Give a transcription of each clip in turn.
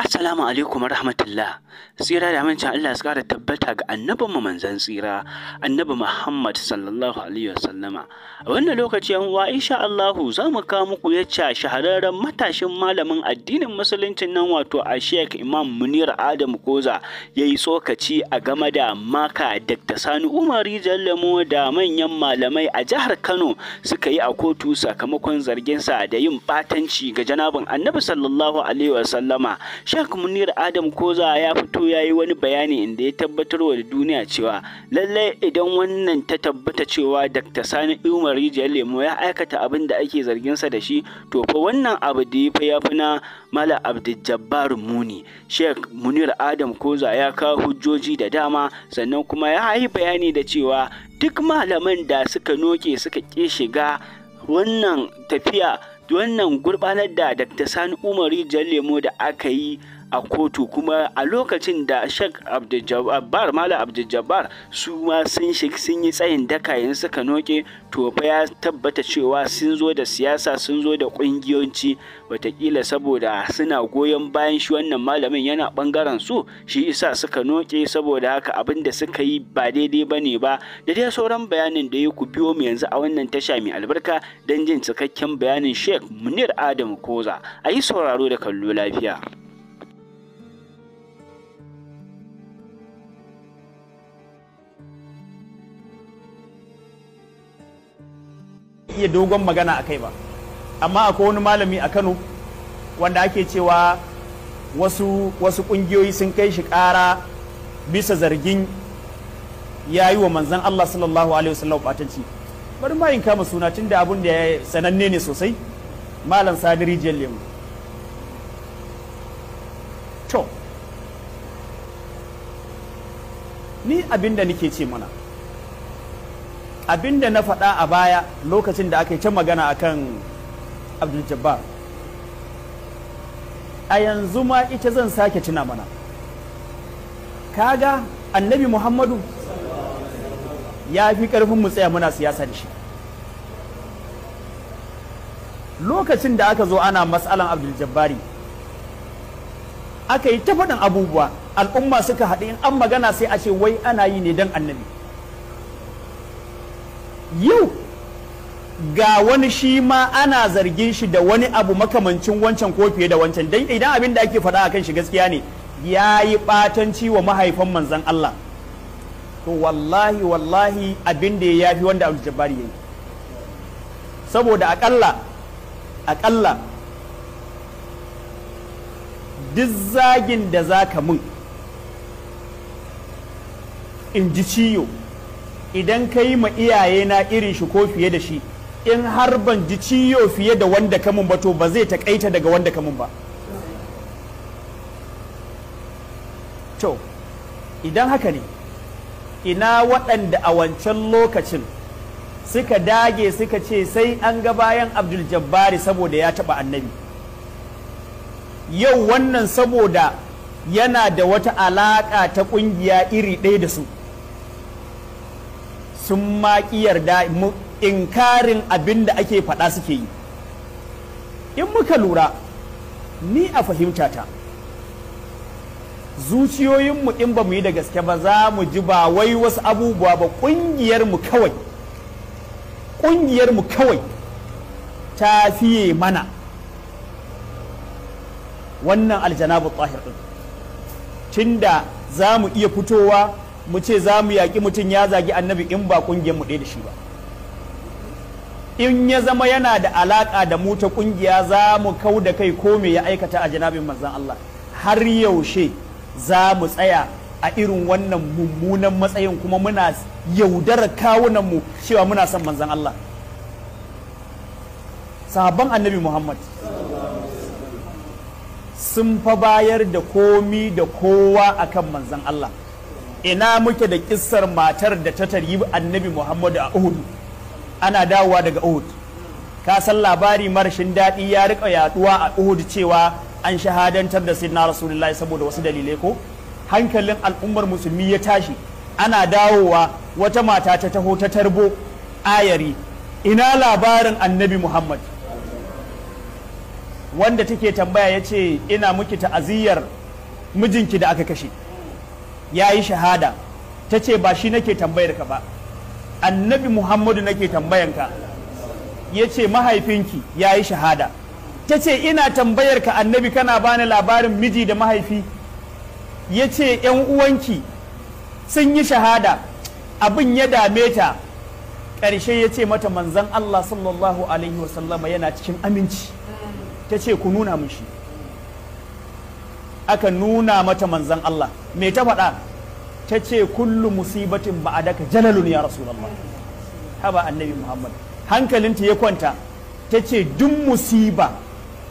Assalamu alaikum rahmatullah. Tsira da amincin Allah su kara tabbata ga annabin mu manzon tsira, annabi Muhammad sallallahu alaihi wa sallama. A wannan lokaci yan uwa insha Allah za mu kawo muku yacca shahararren matashin malamin addinin musuluncin nan wato a Sheikh Imam Munir Adam Koza yi tsokaci a game da maka Dr. Sani Umari Jallamo da manyan malamai a jihar Kano suka yi a kotu sakamakon zarginsa da yin batanci ga janabin Annabi sallallahu alaihi wa sallama. Sheikh Munir Adam Koza ya fito ya yi wani bayani inda ya tabbatar wa duniya cewa lallai idan wannan ta tabbata cewa Dr. Sani Umar Rijiyar Lemo ya aikata abin da ake zargin sa da shi to fa wannan abu da ya fa ya fi na Mala Abdul Muni. Sheikh Munir Adam Koza ya kawo hujjoji da dama sannan kuma ya yi bayani da cewa duk malaman da suka noke suka ƙi shiga wannan tafiya wannan gurbanar da Dr. Sani Umaru Jan Lemo da aka yi a kotu kuma a lokacin da shek abdujabbar mala abdujabbar su ma sun sun yi tsayin daka yanzu suka noke to fa ya tabbata cewa sun zo da siyasa sun zo da kungiyoci watakila saboda suna goyon bayan shi wannan malamin yana bangaren su shi isa suka noke saboda haka abin da suka yi ba daidai ba ne ba da dai sauran bayanin da ya ku biyo mu yanzu a wannan tasha mai albarka don jin cikakken bayanin shek munir adam koza a yi sauraro da kallo lafiya iya dogon magana a kai ba amma akwai wani malami a kano wanda ake cewa wasu wasu ƙungiyoyi sun kai shi ƙara bisa zargin ya yi wa manzan Allah sallallahu alaihi wasallam batanci bari ma yin kama suna tunda abun da ya sananne ne sosai malam sadiri lemu to ni abin da nake ce mana Abin da na faɗa a baya lokacin da aka yi can magana a kan abdul jabbar a yanzu ma ita zan sake cina mana kaga annabi muhammadu ya fi ƙarfin mu tsaya muna siyasa da shi lokacin da aka zo ana matsalan abdul jabbari aka yi ta faɗin abubuwa al'umma suka haɗu in an magana sai a ce wai ana yi ne don annabi yau ga wani shi ma ana zargin shi da wani abu makamancin wancan ko fiye da wancan dan idan abin da ake faɗa akan shi gaskiya ne ya yi ɓatanci wa mahaifan manzan Allah to wallahi wallahi abin da ya fi wanda Abdul Jabbar yayi saboda akalla akalla duk zagin da zaka mun in ji ciyo idan ka yi ma iyaye na irin shi ko fiye da shi in har ban ji ciyo fiye da wanda kamun ba to ba zai takaita daga wanda kamun ba to idan haka ne ina waɗanda a wancan lokacin suka dage suka ce sai an ga bayan abdul jabbari saboda ya taɓa annabi yau wannan saboda yana da wata alaƙa ta ƙungiya iri ɗaya da su sun maƙi yarda inkarin abin da ake faɗa suke yi in muka lura ni a fahimtata zuciyoyinmu in ba mu yi da gaske ba za mu ji ba wai wasu abubuwa ba ƙungiyarmu kawai ƙungiyarmu kawai ta fiye mana wannan aljanabu tahir ɗin da za mu iya fitowa mu ce za mu yaƙi mutum ya zagi annabi in ba ƙungiyar mu ɗaya da shi ba in ya zama yana da alaƙa da mu ta ƙungiya za mu kau da kai ko me ya aikata a janabin manzan Allah har yaushe za mu tsaya a irin wannan mummunan matsayin kuma muna yaudara kawunan mu cewa muna son manzan Allah Sabon annabi Muhammad sun fa bayar da komi da kowa akan manzan Allah ina muke da kissar matar da ta taryi annabi muhammadu a Uhudu? ana dawowa daga uhud ka san labari marashin daɗi ya riƙa yaduwa a Uhudu cewa an shahadantar da sayyidina rasulullahi saboda wasu dalilai ko hankalin al'ummar musulmi ya tashi ana dawowa wata mata ta taho ta tarbo ayari ina labarin annabi muhammad wanda take tambaya ya ce ina muke ta'aziyar mijinki da aka kashe ya yi shahada ta ce ba shi nake tambayar ka ba annabi muhammadu nake ka. ya ce mahaifinki ya yi shahada ta ce ina tambayar ka annabi kana bani labarin miji da mahaifi ya ce uwanki sun yi shahada abin ya dame ta ƙarshe ya ce mata manzan Allah sallallahu alaihi wasallama yana cikin aminci ta ce ku nuna mushi shi aka nuna mata manzan Allah me ta faɗa ta ce kullu musibatin ba a daka jalalun ya rasulallah. haba annabi muhammad hankalinta ya kwanta ta ce duk musiba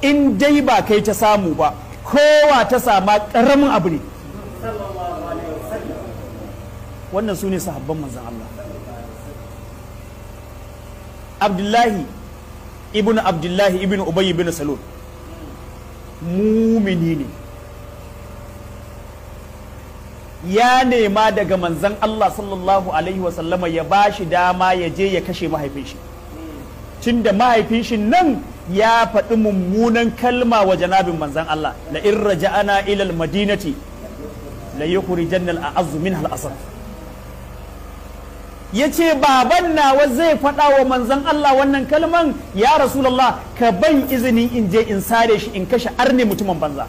in dai ba kai ta samu ba kowa ta sama ƙaramin abu ne wannan su ne sahabban manzan Allah abdullahi ibn abdullahi ibn ubayy ibn Salon mumini ne ya nema daga manzan Allah sallallahu alaihi wasallama ya ba shi dama ya je ya kashe mahaifin shi cin da mahaifin shi nan ya faɗi mummunan kalma wa janabin manzan Allah la in raja'ana ilal madinati la yi kuri jannal a azumin al'asar. Ya ce baban nawa zai faɗa wa manzan Allah wannan kalman ya rasulullah ka ban izini in je in sare shi in kashe arne mutumin banza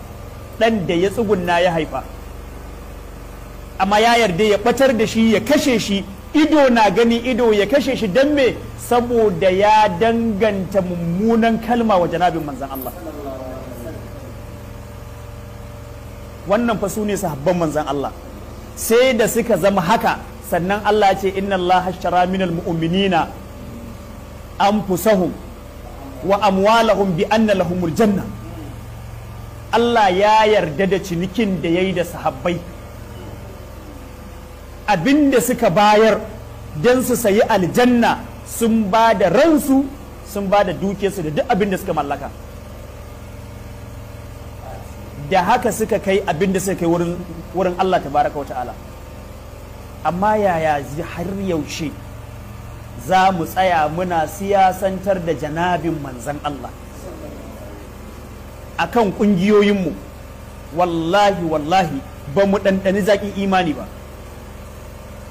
dan da ya tsugunna ya haifa amma ya yarda ya ɓatar da shi ya kashe shi ido na gani ido ya kashe shi don me saboda ya danganta mummunan kalma wa janabin manzan Allah wannan fa su ne sahabban manzan Allah sai da suka zama haka sannan Allah ce inna Allah hashara minal mu'minina anfusahum wa amwalahum bi anna lahumul janna Allah ya yarda da cinikin da yayi da sahabbai abin da suka bayar don su sayi aljanna sun ba da ransu sun ba da dukiyarsu da duk abin da suka mallaka da haka suka kai abin da suka kai wurin Allah tabaraka wa ta'ala amma yaya har yaushe za mu tsaya muna siyasantar da janabin manzan Allah akan ƙungiyoyinmu wallahi wallahi ba mu ɗanɗani zaƙin imani ba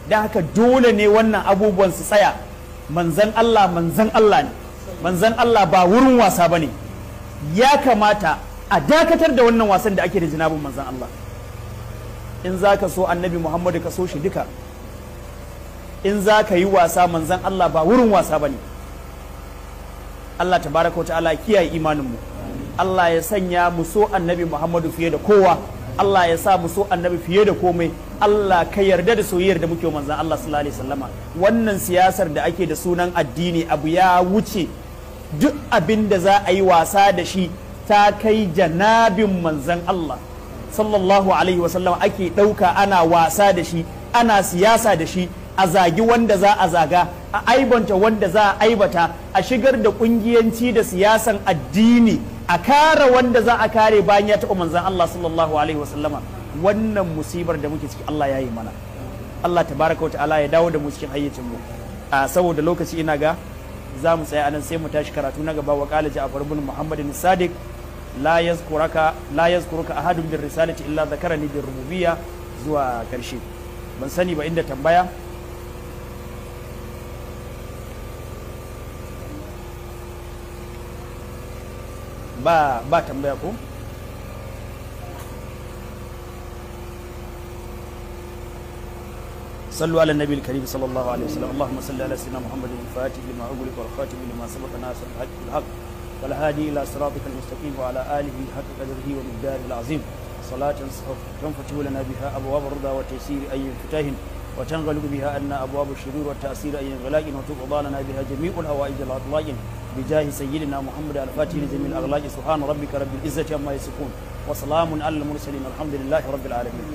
da haka dole ne wannan abubuwan su tsaya manzan Allah manzan Allah ne manzan Allah ba wurin wasa ba ya kamata a dakatar da wannan wasan da ake da jinabin manzan Allah in za ka so annabi Muhammadu ka so shi duka in za ka yi wasa manzan Allah ba wurin wasa ba ne Allah baraka wa ta'ala kiyaye imaninmu Allah ya sanya mu so annabi Muhammadu fiye da kowa Allah ya sa mu so annabi fiye da komai Allah ka yarda da soyayyar da muke manzan Allah sallallahu alaihi wasallama wannan siyasar da ake da sunan addini abu ya wuce duk abin da za a yi wasa da shi ta kai janabin manzan Allah sallallahu alaihi wasallama ake ɗauka ana wasa da shi ana siyasa da shi a zagi wanda za a zaga a aibanta wanda za a aibata a shigar da kungiyanci da siyasan addini a kare wanda za a kare bayan ya taɓa manzan Allah sallallahu alaihi wasallama wannan musibar da muke ciki Allah ya yi mana Allah ta wa ta'ala ya dawo da mu cikin hayyacin mu a saboda lokaci ina ga za mu tsaya anan sai mu tashi karatu na gaba wa qala ja'far ibn muhammadin sadiq la yazkuraka la yazkuruka ahadun bir risalati illa zakarani bir rububiyya zuwa karshe ban sani ba inda tambaya ba ba tambaya صلوا على النبي الكريم صلى الله عليه وسلم اللهم صل على سيدنا محمد الفاتح لما أغلق والخاتم لما سبق الحج الحق والهادي إلى صراطك المستقيم وعلى آله حق قدره ومقداره العظيم صلاة تنفتح لنا بها أبواب الرضا وتيسير أي انفتاح وتنغلق بها أن أبواب الشرور والتأثير أي انغلاق وتقضى لنا بها جميع الهوائج العطلائن بجاه سيدنا محمد الفاتح لزم الأغلاج سبحان ربك رب العزة عما يصفون وسلام على المرسلين الحمد لله رب العالمين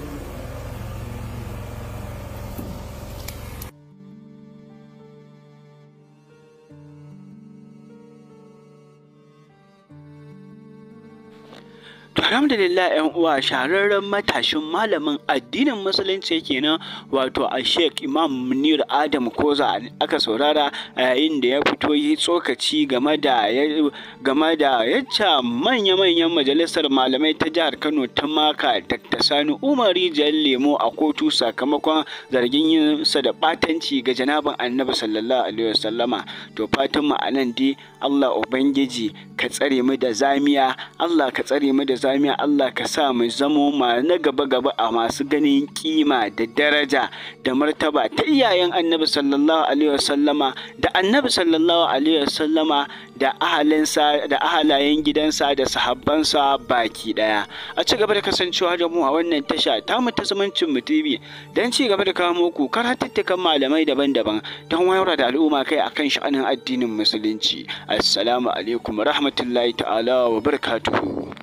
Alhamdulillah ‘yan uwa shahararren matashin malamin addinin musulunci kenan wato a Sheikh Imam Munir Adam Koza aka saurara a yayin da ya fito yi tsokaci game da game da yacca manya-manyan majalisar malamai ta jihar Kano ta maka Dr. Sani Umari Jan Lemo a kotu sakamakon zargin yinsa da ɓatanci ga janabin Annabi sallallahu alaihi wasallama to fatan mu anan dai Allah Ubangiji ka tsare mu da zamiya Allah ka tsare mu da zamiya Allah ka sa mu zamo ma na gaba gaba a masu ganin kima da daraja da martaba ta iyayen Annabi sallallahu alaihi wasallama da Annabi sallallahu alaihi wasallama da ahalinsa da ahalayen gidansa da sahabbansa baki daya a ci gaba da kasancewa da mu a wannan tasha ta mu ta zumuncin mu TV dan ci gaba da kawo kuka karatuttukan malamai daban-daban don wayar da al'umma kai akan sha'anin addinin musulunci assalamu alaikum rahmatullahi ta'ala wa barakatuhu